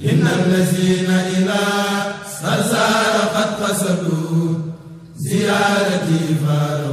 inna allazina ila sarsara qad qasadu ziyarati faara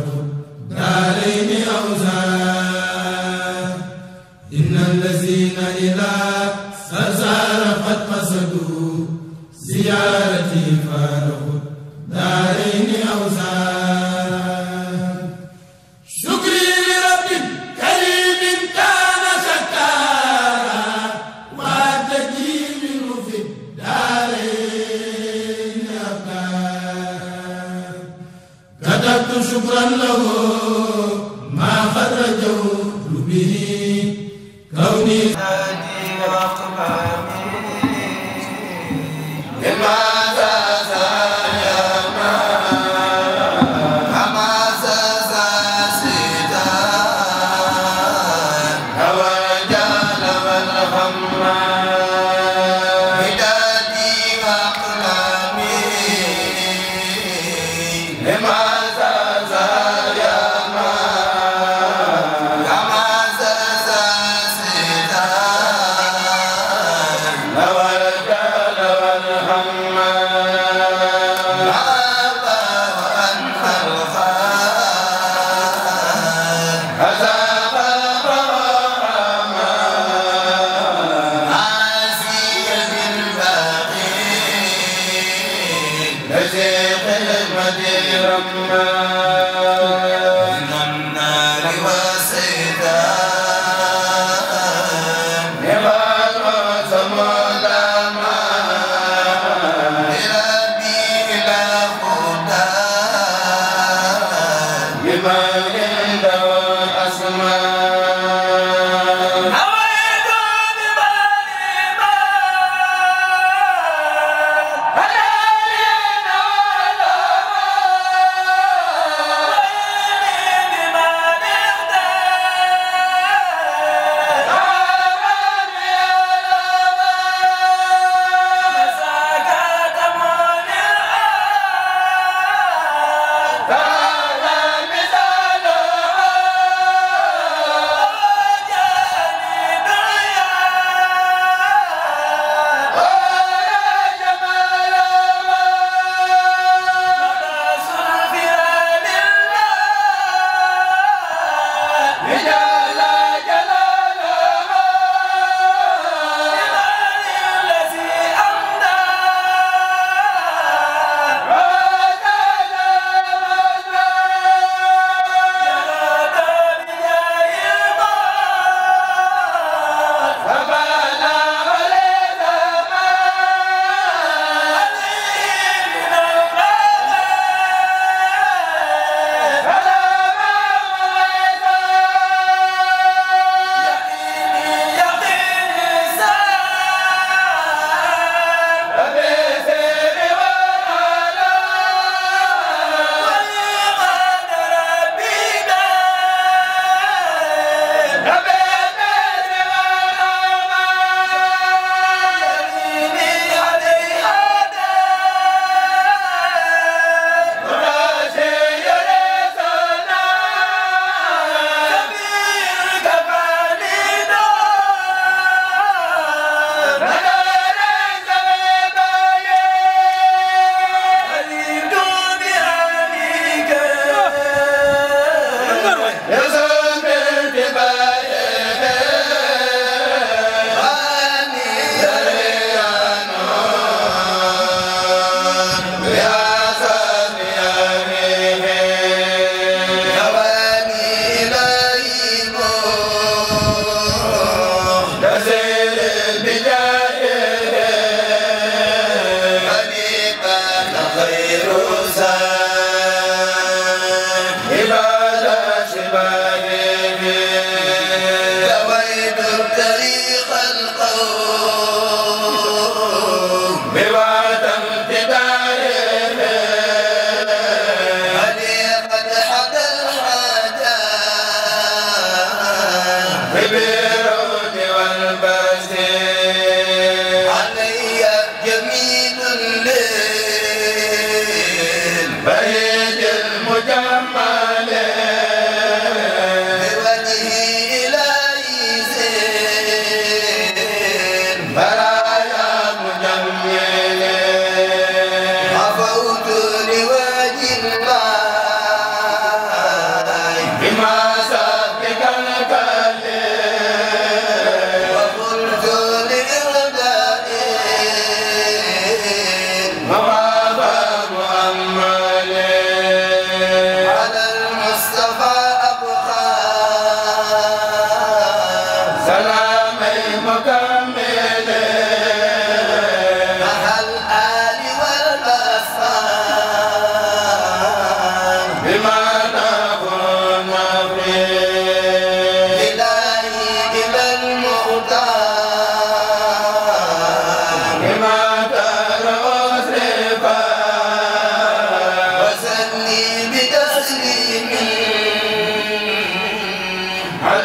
bi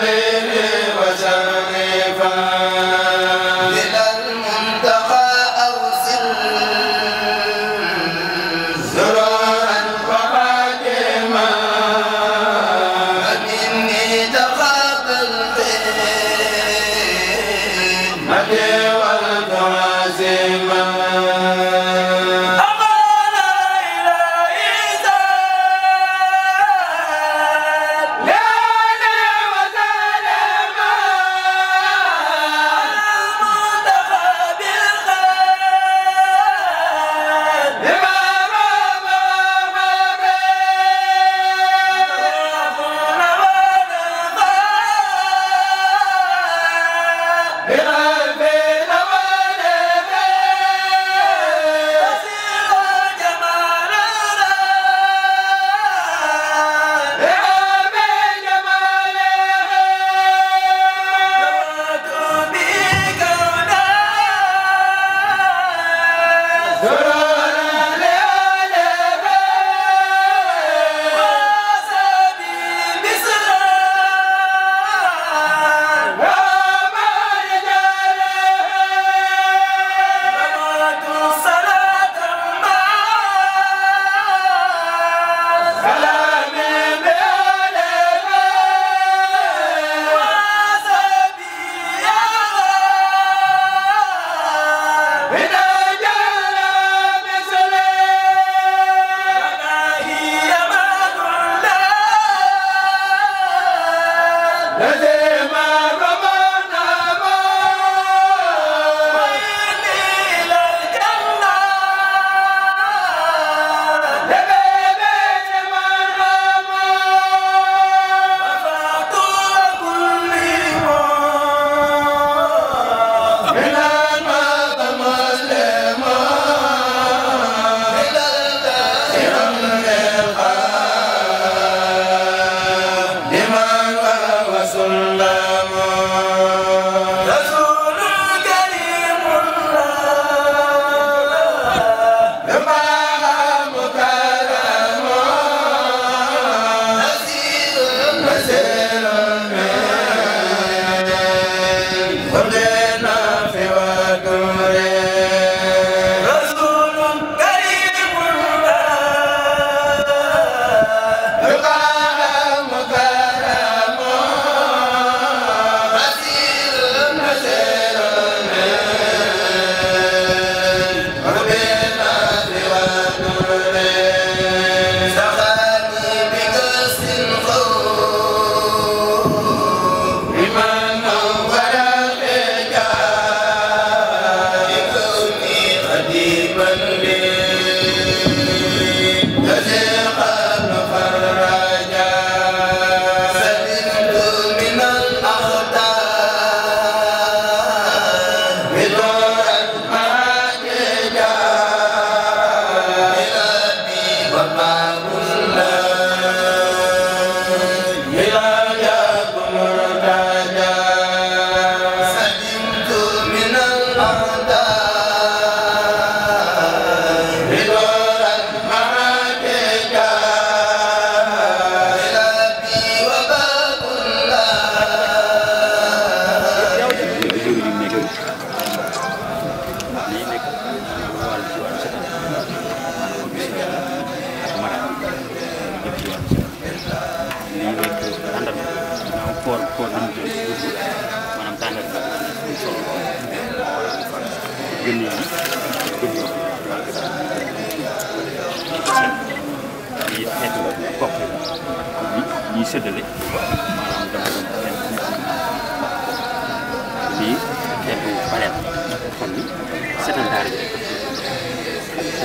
Amen Amen. maanaam dama doon def lii xeetu pare la xam ni setantaar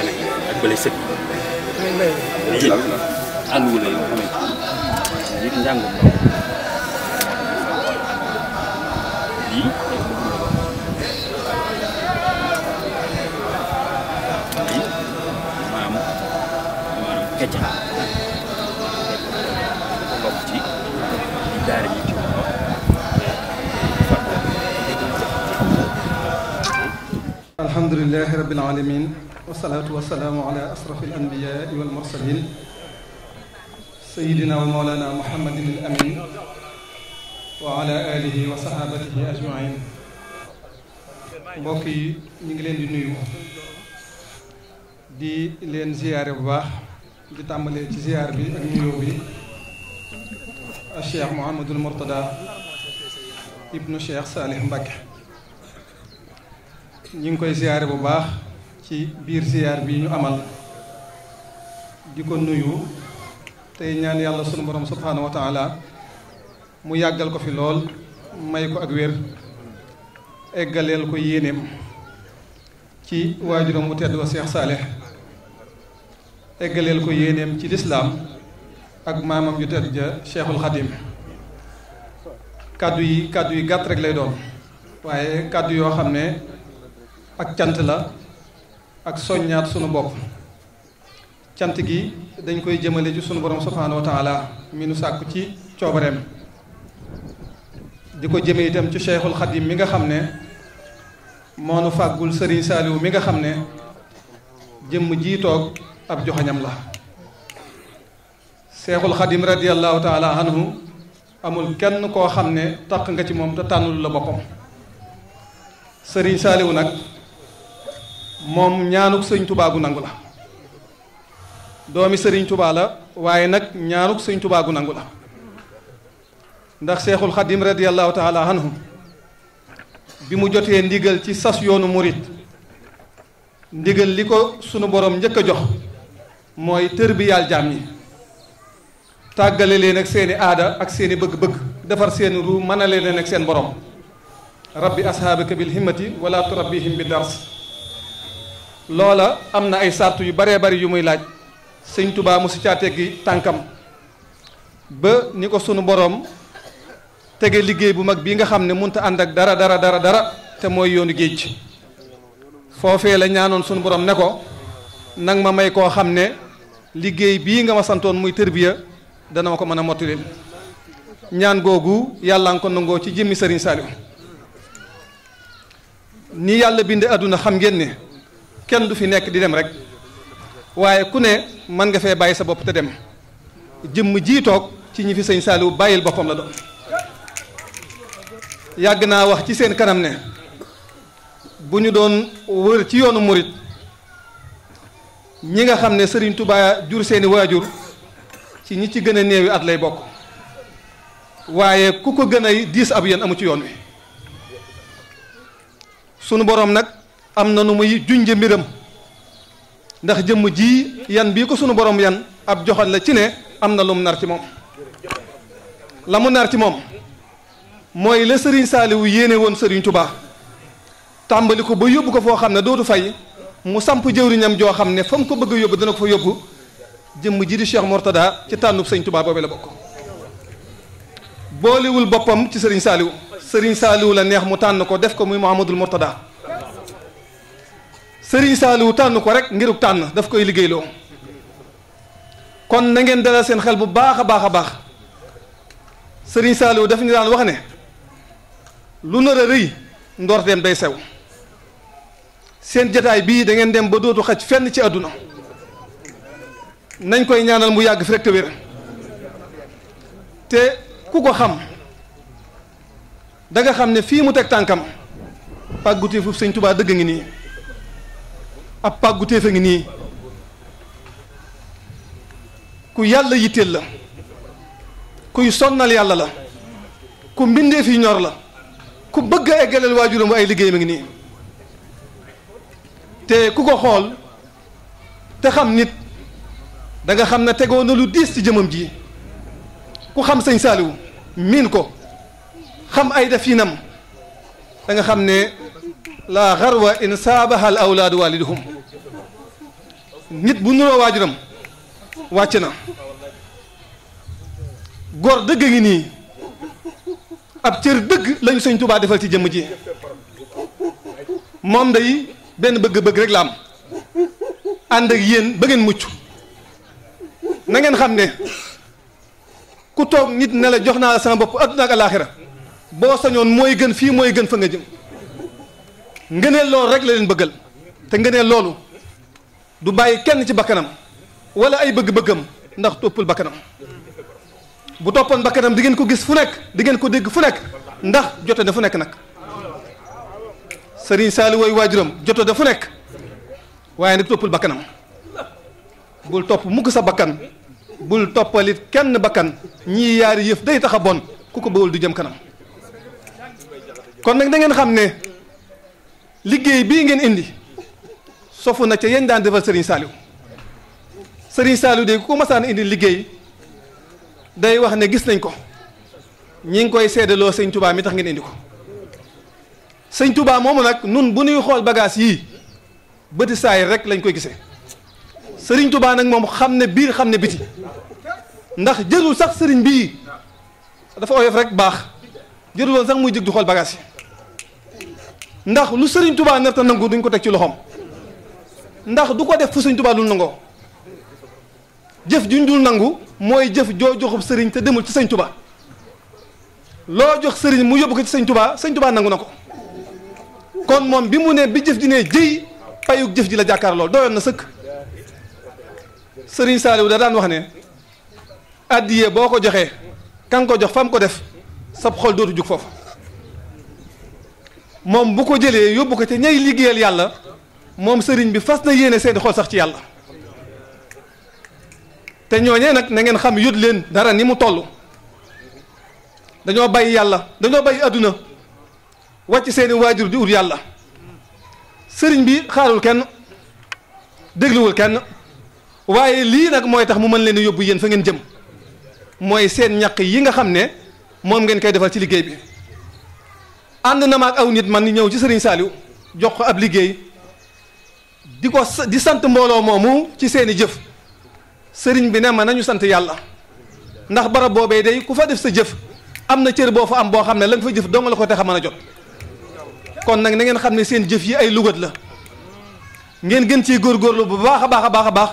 bi ak bële sëg lii ànduwul la yoo xam ne lii njàngum alhamdulilah rabil aalamiin wasalaatu wasalaamu ala asrafil anbiyaa wal mursaliin sayyidina wa mawlaanaa Muhammadin al amiin wa ala aalihi wa sahaabatihi ajmaiin mbokk yi ñu ngi leen di nuyu di leen ziyaare bu baax di tàmbalee ci ziyaar bi ak nuyoo bi Cheikh Mouhamadul Mourtada ibnu Cheikh Salih Mbacke. ñu ngi koy ziyaare bu baax ci biir ziyaar bi ñu amal di ko nuyu tey ñaan yàlla sunu borom subhaanahu wa taala mu yàggal ko fi lool may ko ak wér eggaleel ko yéeneem ci waajuram bu tedd wa Seex Saalix eggaleel ko yéeneem ci lislaam ak maamam ju tedd ja Cheikhul Xadim kàddu yi kàddu yi gàtt rek lay doon waaye kàddu yoo xam ne ak cant la ak soññaat sunu bopp cant gi dañ koy jëmale ci sunu borom subhaanahu wa taala mi nu sàkku ci coobareem di ko jëme itam ci cheikhul xadim mi nga xam ne moo nu fàggul sëriñ mi nga xam ne jëmm jii toog ab joxoñam la cheikhul xadim radiallahu taala anhu amul kenn koo xam ne taq nga ci moom te tànnul la boppam sëriñ saaliwu nag moom ñaanu sëñ tubaa nangu la doomi sëriñ tubaa la waaye nag ñaanuk sëñ tubaa gu nangu la ndax seexul xadim radiallahu taala anhu bi mu jotee ndigal ci sas yoonu murit ndigal li ko sunu borom njëkk a jox mooy tër bi yàlla jaam ñi tàggale leen ak seeni aada ak seeni bëgg-bëgg defar seen ru mënale leen ak seen borom rabbi ashaabaka bil himmati wala turabbihim bi dars loola am na ay sart yu baree bari yu muy laaj sëñ tubaa mosu caa teggi tànkam ba ni ko sunu boroom tege liggéey bu mag bii nga xam ne munta ànd ak dara dara dara dara te mooy yoonu géej foofee la ñaanoon sunu borom ne ko nang ma may koo xam ne liggéey bii nga ma santoon muy tërbiya dana ko mën a mottilil ñaan googu yàlla nga ko nangoo ci jëmmi sëriñ Saliou ni yàlla binde àdduna xam ngeen kenn du fi nekk di dem rek waaye ku ne mën nga fee bàyyi sa bopp te dem jëmm jii toog ci ñi fi sëñ Saliou bàyyil boppam la doon yàgg naa wax ci seen kanam ne bu ñu doon wër ci yoonu morit ñi nga xam ne sëriñ Touba jur seeni waajur ci ñi ci gën a néewi at lay bokk waaye ku ko gën a diis ab yéen amu ci yoon wi sunu boroom nag am na nu muy junje mbiram ndax jëmm ji yan bii ko sunu boroom yan ab joxal la ci ne am na lu mu nar ci moom la mu nar ci moom mooy la sëriñ saaliwu yéene woon sëriñ tubaa tàmbali ko ba yóbbu ko foo xam ne dootu fay mu samp jëwriñam joo xam ne fa mu ko bëgg a yóbbu dana ko fa yóbbu jëmm ji di Cheikh Mortada ci tànnub sëriñ tubaa boobee la bokk boolewul boppam ci sëriñ saaliwu sëriñ saaliwu la neex mu tànn ko def ko mu muy Muhammadul Mortada sëriñ Saaliwu tànn ko rek ngiruk tànn daf koy liggéeyloo kon na ngeen dalal seen xel bu baax a baax a baax sëriñ Saaliwu daf ñu daan wax ne lu nar a rëy ndorteem day sew seen jataay bii dangeen dem ba dootu xaj fenn ci àdduna nañ koy ñaanal mu yàgg fi rek te te ku ko xam danga xam ne fii mu teg tànkam pàgguti fu sëñ Tubaa dëgg ngi nii ab pàggu téefa ngi nii ku yàlla yitteel la kuy sonnal yàlla la ku mbindee fi ñor la ku bëgg a eggaleel waajuram ay liggéeyam a ngi nii te ku ko xool te xam nit danga xam ne tegoon na lu diis ci jëmam ji ku xam sëñ Saaliwu miin ko xam ay definam da nga xam ne laa xarwa in saabaha al awlaadu waliduhum nit bu nuroo waajuram wàcc na góor dëgg ngi nii ab cër dëgg lañu sëñ Tuubaa defal ci jëmm ji moom day benn bëgg-bëgg rek la am ànd ak yéen ba ngeen mucc na ngeen xam ne ku toog nit ne jox naa la sama bopp adduna alaaxira boo sañoon mooy gën fii mooy gën fa nga jëm ngëneel loolu rek la leen bëggal te ngëneel loolu du bàyyi kenn ci bakkanam wala ay bëgg-bëggam ndax toppul bakkanam bu toppoon bakkanam di ngeen ko gis fu nekk di ngeen ko dégg fu nekk ndax jote na fu nekk nag Serigne Saliou woy waajuram jote na fu nekk waaye nag toppal bakkanam bul topp mukk sa bakkan bul toppalit kenn bakkan ñii yaari yëf day tax bon ku ko bawul di jëm kanam kon nag da ngeen xam ne liggéey bii ngeen indi sofu na ca yéen daan defal Serigne Saliou sëriñ Saliou de ku ko masaan indi liggéey day wax ne gis nañ ko ñi ngi koy seedaloo sëñ Touba mi tax ngeen indi ko sëñ tubaa moomu nag nun bu nuy xool bagaas yi bëti saay rek lañ koy gisee sëriñ tubaa nag moom xam ne biir xam ne biti ndax jërul sax sëriñ bii dafa oyof rek baax jërul woon sax muy jëg du xool bagage yi ndax lu sëriñ Touba nar ta nangu duñ ko teg ci loxoom ndax du ko def fu sëñ Tuubaa dul nangoo jëf juñ dul nangu mooy jëf joo joxub sëriñ te demul ci sëñ Tuubaa loo jox sëriñ mu yóbbu ko ci sëñ Tuubaa sëñ Tuubaa nangu na ko kon moom bi mu ne bi jëf ji ne jëy payug jëf ji la jàkkaar lool doyoon na sëkk sëriñ Saaliw da daan wax ne addiye boo ko joxee kan ko jox fam ko def sab xol dootu jug foofu moom bu ko jëlee yóbbu ko ci ñay liggéeyal yàlla moom sëriñ bi fas na yéene seeni xol sax ci yàlla te ñooñee nag nangeen xam yót leen dara ni mu toll dañoo bàyyi yàlla dañoo bàyyi àdduna wàcc seeni waajur di ut yàlla sëriñ bi xaarul kenn dégluwul kenn waaye lii nag mooy tax mu mën leen yóbbu yéen fa ngeen jëm mooy seen ñaq yi nga xam ne moom ngeen koy defal ci liggéey bi ànd na ma ak aw nit man ñëw ci sëriñ Saliou jox ko ab liggéey di ko di sant mbooloo moomu ci seeni jëf sëriñ bi ne ma nañu sant yàlla ndax barab boobee day ku fa def sa jëf am na cër boo fa am boo xam ne lañ fa jëf dong la ko te a mën a jot kon nag na xam ne seen jëf yi ay lugat la ngeen gën ci góor góorgóorlu bu baax a baax a baax a baax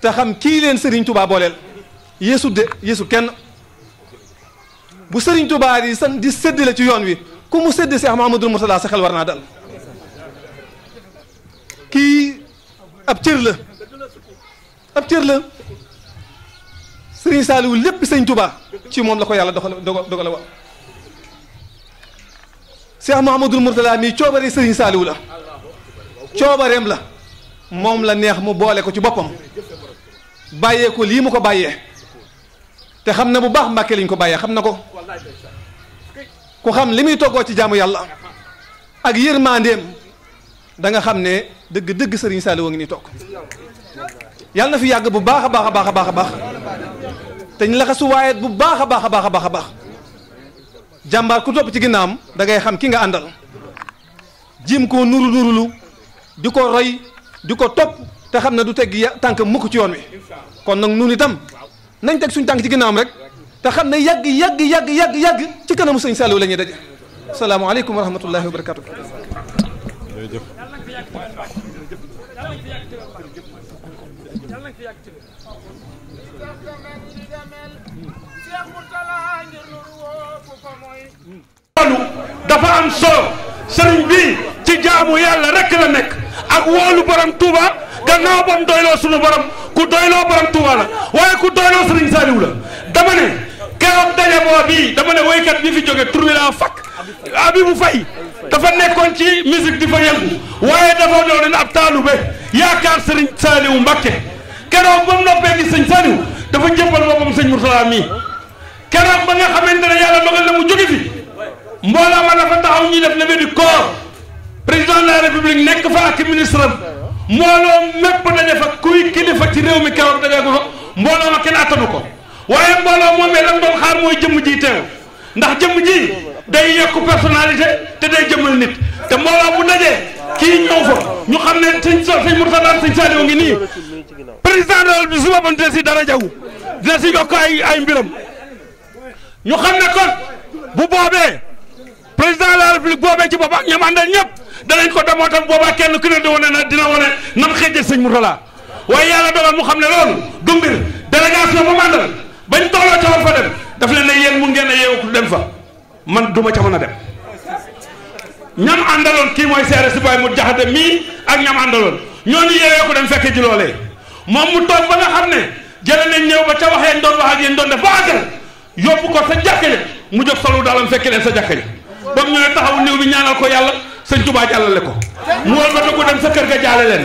te xam kii leen sëriñ tubaa booleel yéesu de yeesu kenn bu sëriñ tubaa di san di la ci yoon wi ku mu sédd ma Ahmadul Murtada sa xel war naa dal kii ab cër la ab cër la sëriñ Saaliwu lépp sëñ Tuubaa ci moom la ko yàlla doxal dogal wa Cheikh Mouhamadul Mourtala mii coobare sëriñ Saaliwu la coobareem la moom la neex mu boole ko ci boppam bàyyee lii mu ko bàyyee te xam na bu baax Mbàkke liñ ko bàyyee xam na ko ku xam li muy toggoo ci jaamu yàlla ak yërmandeem da xam ne dëgg dëgg sëriñ Saliou a ngi ni toog yàlla na fi yàgg bu baax a baax a baax a baax a baax teñ laxasu waaye bu baax a baax a baax a baax a baax jàmbaar ku topp ci ginnaam am dangay xam ki nga àndal jiim koo nuru nurulu di ko roy di ko topp te xam ne du tegg teg tànk mukk ci yoon wi kon nag nun itam nañ teg suñ tànk ci am rek te xam ne yàgg yàgg yàgg yàgg yàgg ci kanamu sëñ Saliou la ñuy daje salaamualeykum wa rahmatullahi wa barakatu. dafa am solo sëriñ bi ci jaamu yàlla rek la nekk ak woolu borom Touba gannaaw bam doyloo sunu borom ku doyloo borom Touba la waaye ku doyloo sëriñ Saliou la dama ne keroog daje bii bi fi jóge tur bi laa fakk Abibou Faye dafa nekkoon ci musique di fa yëngu waaye dafa doon ab taalube yaakaar sëriñ Saliou Mbacké keroog ba mu noppee di sëñ Saliou dafa jëppal boppam sëñ Mourtala mii keroog ba nga xamante ne yàlla dogal na mu jóge mbooloo ma dafa taxaw ñuy def levée du corps président la république nekk fa ak ministre am mbooloo mépp daje fa kuy kilifa ci réew mi keroog daje ko fa mbooloo ma kenn attanu ko waaye mbooloo moomee lan doon xaar mooy jëmm ji teew ndax jëmm ji day yokk personnalité te day jëmmal nit te mbooloo bu dajee kii ñëw fa ñu xam ne sëñ so sëñ Murtada sëñ Saliou ngi nii président de bi su si dara jaw dina si yokk ay ay mbiram ñu xam ne kon bu boobee président de la république boobee ci boppam ñoom àndal ñëpp danañ ko demoo tam boobaa kenn ku ne di wane na dina wane nam sañ sëñ Mourtala waaye yàlla dogal mu xam ne loolu du mbir délégation bu mandal bañ tolloo ca war fa dem daf leen ne yéen ngeen a yeewu man duma ca mën a dem ñam àndaloon kii mooy seere si baay mu jaxate mii ak ñam àndaloon ñooñu yeewee ko dem fekkee ji loolee moom mu toog ba nga xam ne jële nañ ñëw ba ca wax yéen doon wax ak yéen doon def ba àggal yóbbu ko sa jàkkale mu jóg solu daalam fekk leen sa jàkkale ba mu ñëwee taxaw néew bi ñaanal ko yàlla sëñ Tuubaa jàllale ko mu war ba ko dem sa kër ga jaale leen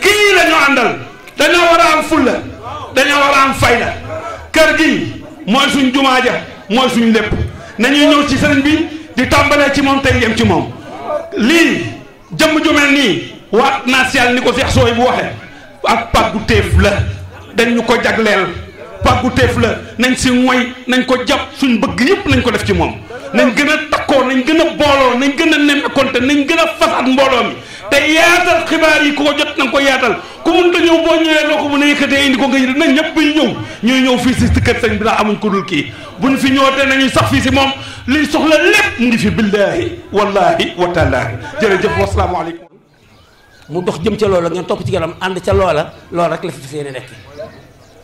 kii la ñu àndal dañoo war a am fulla dañoo war a am fayda kër gi mooy suñ jumaa ja mooy suñ lépp nañuy ñëw ci sëriñ bi di tàmbalee ci moom tey yem ci moom lii jëmm ju mel nii waat national ni ko seex sooy bu waxee ak pàggu téef la dañ ko jagleel pàggu téef la nañ si moy nañ ko jàpp suñ bëgg yëpp nañ ko def ci moom nañ gën a takkoo nañ gën a booloo nañ gën a nemmekonte nañ gën a fasaat mbooloo mi te yaatal xibaar yi ku ko jot na nga ko yaatal ku mun ta ñëw boo ñëwee loo ko mën a yëkkatee indi ko nga yëg nañ ñu ñëw ñooy ñëw fii si kër sëñ bi laa amuñ ko dul kii buñ fi ñëwatee nañuy sax fii si moom liñ soxla lépp ngi fi billaahi wallaahi wa taalaahi jërëjëf wasalaamaaleykum mu dox jëm ca loola ngeen topp ci garam ànd ca loola loola rek la fi fee nekk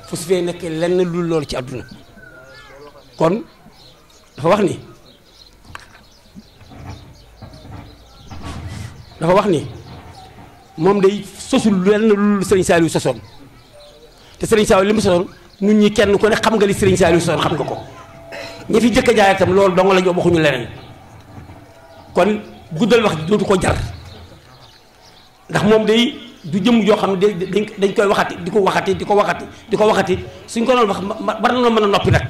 fu su fee nekk lenn lu loolu ci àdduna kon dafa ni dafa wax ni moom day sosul lenn lu Serigne Saliou sosoon te Serigne Saliou li mu sosoon ñun ñi kenn ku ne xam nga li Serigne Saliou sosoon xam nga ko ñi fi jëkk jaay itam loolu dong la ñu waxuñu leneen kon guddal wax dootu ko jar ndax moom day du jëm yoo xam ne dañ koy waxati di ko waxati di ko waxati di ko waxati suñ ko doon wax war na mën a noppi nag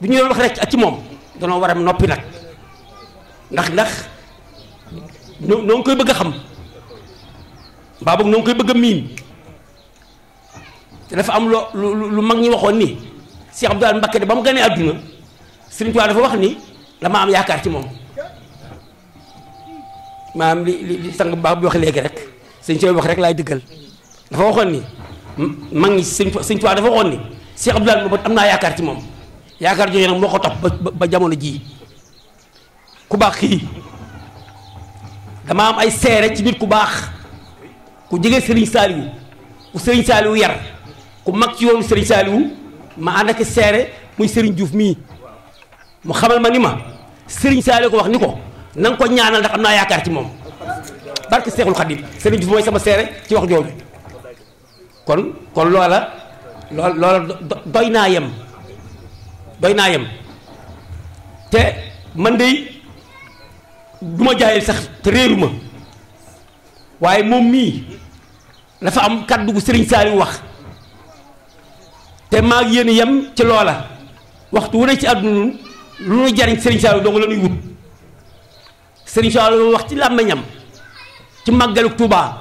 bu ñu doon wax rek ak ci moom danoo war a noppi nag ndax ndax. noo noo ngi koy bëgg a xam mbaa boog noo ngi koy bëgg a miin te dafa am loo lu lu mag ñi waxoon ni Cheikh Abdou daal Mbacké de ba mu ganee àdduna Sëriñ Tuubaa dafa wax ni dama am yaakaar ci moom maanaam li li li sang baax rek sëñ Tuubaa wax rek laay dëggal ni mag ñi sëñ sëñ Tuubaa dafa waxoon ni Cheikh Abdou Lahad am naa yaakaar ci moom yaakaar jooju nag moo ko topp ba jamono jii ku baax kii. dama am ay seere ci nit ku baax ku jege Serigne Saliou ku Serigne Saliou yar ku mag ci yoonu Serigne Saliou ma seere muy Serigne Diouf mii mu xamal ma ni ma sëriñ Saliou ko wax ni ko nan nga ko ñaanal ndax am naa yaakaar ci moom barke Seexul Xadim Serigne Diouf mooy sama seere ci wax jooju kon kon loola loola doy naa yem doy naa yem te man de. du ma jaayee sax te réeru ma waaye moom mii dafa am kàddu sëriñ Serigne Saliou wax te maa ngi yéen yem ci loola waxtu wu ne ci àdduna lu nu jariñ Serigne Saliou dong la ñuy wut Serigne Saliou wax ci làmmiñam ci màggalu Touba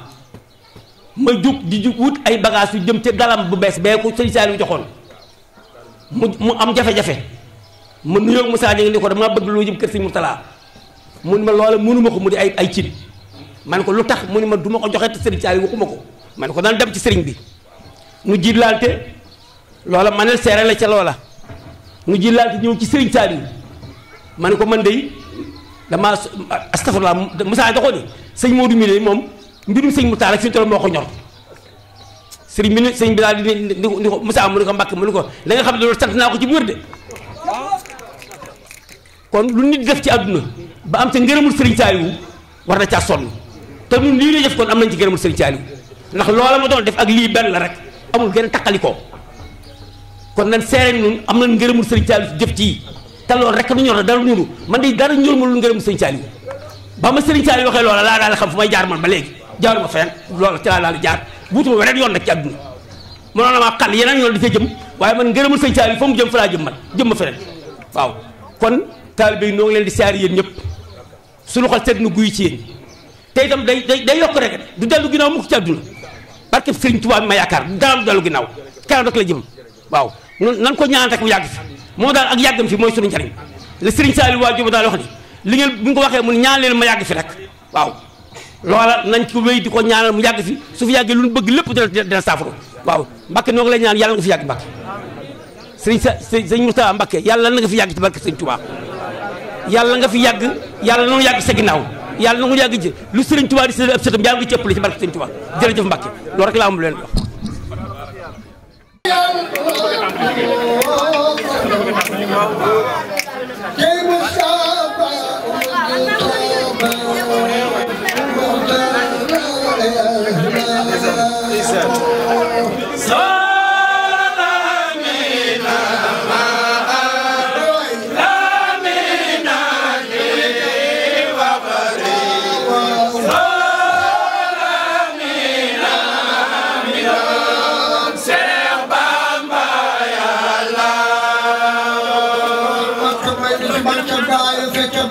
ma jug di jug wut ay bagages yu jëm ca dalam bu bees bee ko Serigne Saliou joxoon mu mu am jafe-jafe ma nuyoo Moussa Dieng ni ko dama bëgg loo jëm kër Serigne Mourtala mun ma loola mënuma ko mu di ay ay cin man ko lu tax mu ne ma duma ko joxe te sëriñ Saliou waxuma ko man ko daan dem ci sëriñ bi nu jiitlante loola manel seere la ca loola nu jiitlante ñëw ci sëriñ Saliou man ko man day damaa astafurlah Moussa da ko sëñ Modou mi de moom mbirum sëñ Moussa rek fi moo ko ñor sëriñ bi ne sëñ bi daal di ne ni ko Moussa mu ne ko ne ko xam ne loolu sant naa ci bu wér de kon lu nit def ci àdduna ba am ca ngërëmul sëriñ Saaliwu war na caa sonn te ñun lii de def kon am nañ ci ngërëmul sëriñ Saaliwu ndax loola ma doon def ak lii benn la rek amul gën takkalikoo kon nan seere ñun am nañ ngërëmul sëriñ Saaliwu si jëf ci te loolu rek nu ñor na dara ñunu man de dara ñor ma lu ngërëmul sëriñ Saaliwu ba ma sëriñ Saaliwu waxee loola laa daal xam fu may jaar man ba léegi jaaruma fenn loola ci laa daal jaar buutuma weneen yoon nag ci àdduna mënoon na maa xal yeneen yoon di ca jëm waaye man ngërëmul sëriñ Saaliwu fa mu jëm fa laa man jëm ma feneen kon taalibe yi noo leen di saari yéen ñëpp suñu xol seet na guy ci yéen te tam day day day yokk rek du dellu ginnaaw mukk ci àdduna barke Sëriñ Tuubaa ma yaakaar dara du dellu ginnaaw kanam rek la jëm waaw nan ko ñaan rek mu yàgg fi moom daal ak yàggam fi mooy suñu njariñ le Sëriñ Saliou waa Jóob daal wax ni li ngeen ko waxee mun ñaan leen ma yàgg fi rek waaw loola nañ ko wéy di ko ñaanal mu yàgg fi su fi yàggee lu bëgg lépp dina dina saafara waaw Mbàkke noo ngi lay ñaan yàlla nga fi yàgg Mbàkke sëriñ sa sëriñ Mustafaa Mbàkke yàlla na fi yàgg ci barke Sëriñ Tuubaa yàlla nga fi yàgg yàlla na nga yàgg sa ginnaaw yàlla na nga yàgg ji lu Serigne Touba di séddale ab sëtam yàlla nga ci ëppale ci barke Serigne Touba jërëjëf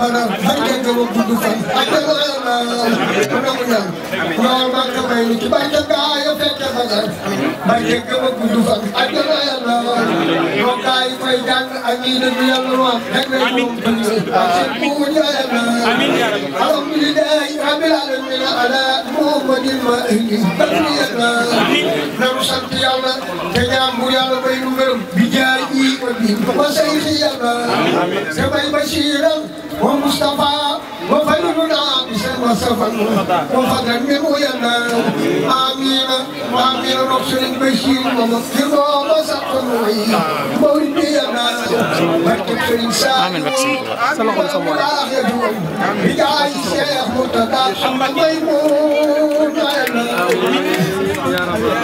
maanaam barkeel ko gudd fan ak dégg nga bu nangu ñaan lool maa ngi ko may ni ci barkeel nga yo fekke fa nag barkeel ko gudd fan ak dégg nga yàlla moom gaa yi koy jàng ak ñi dañu yàlla wax rek la ñu ko ñu yàlla alhamdulillahi rabbil alamin ala muhammadin ma ahli barkeel yàlla nanu sant yàlla te ñaan bu yàlla may nu ngërëm bi jaar وسيخينا سبي بشيرا ومصطفى وخيرنا بسن وسفن وفضلا منه ينا آمين آمين رسول بشير ومغفر وسقم مولدينا وارتب الإنسان ولا يدوم بدعاء الشيخ مرتضى محمد ميمون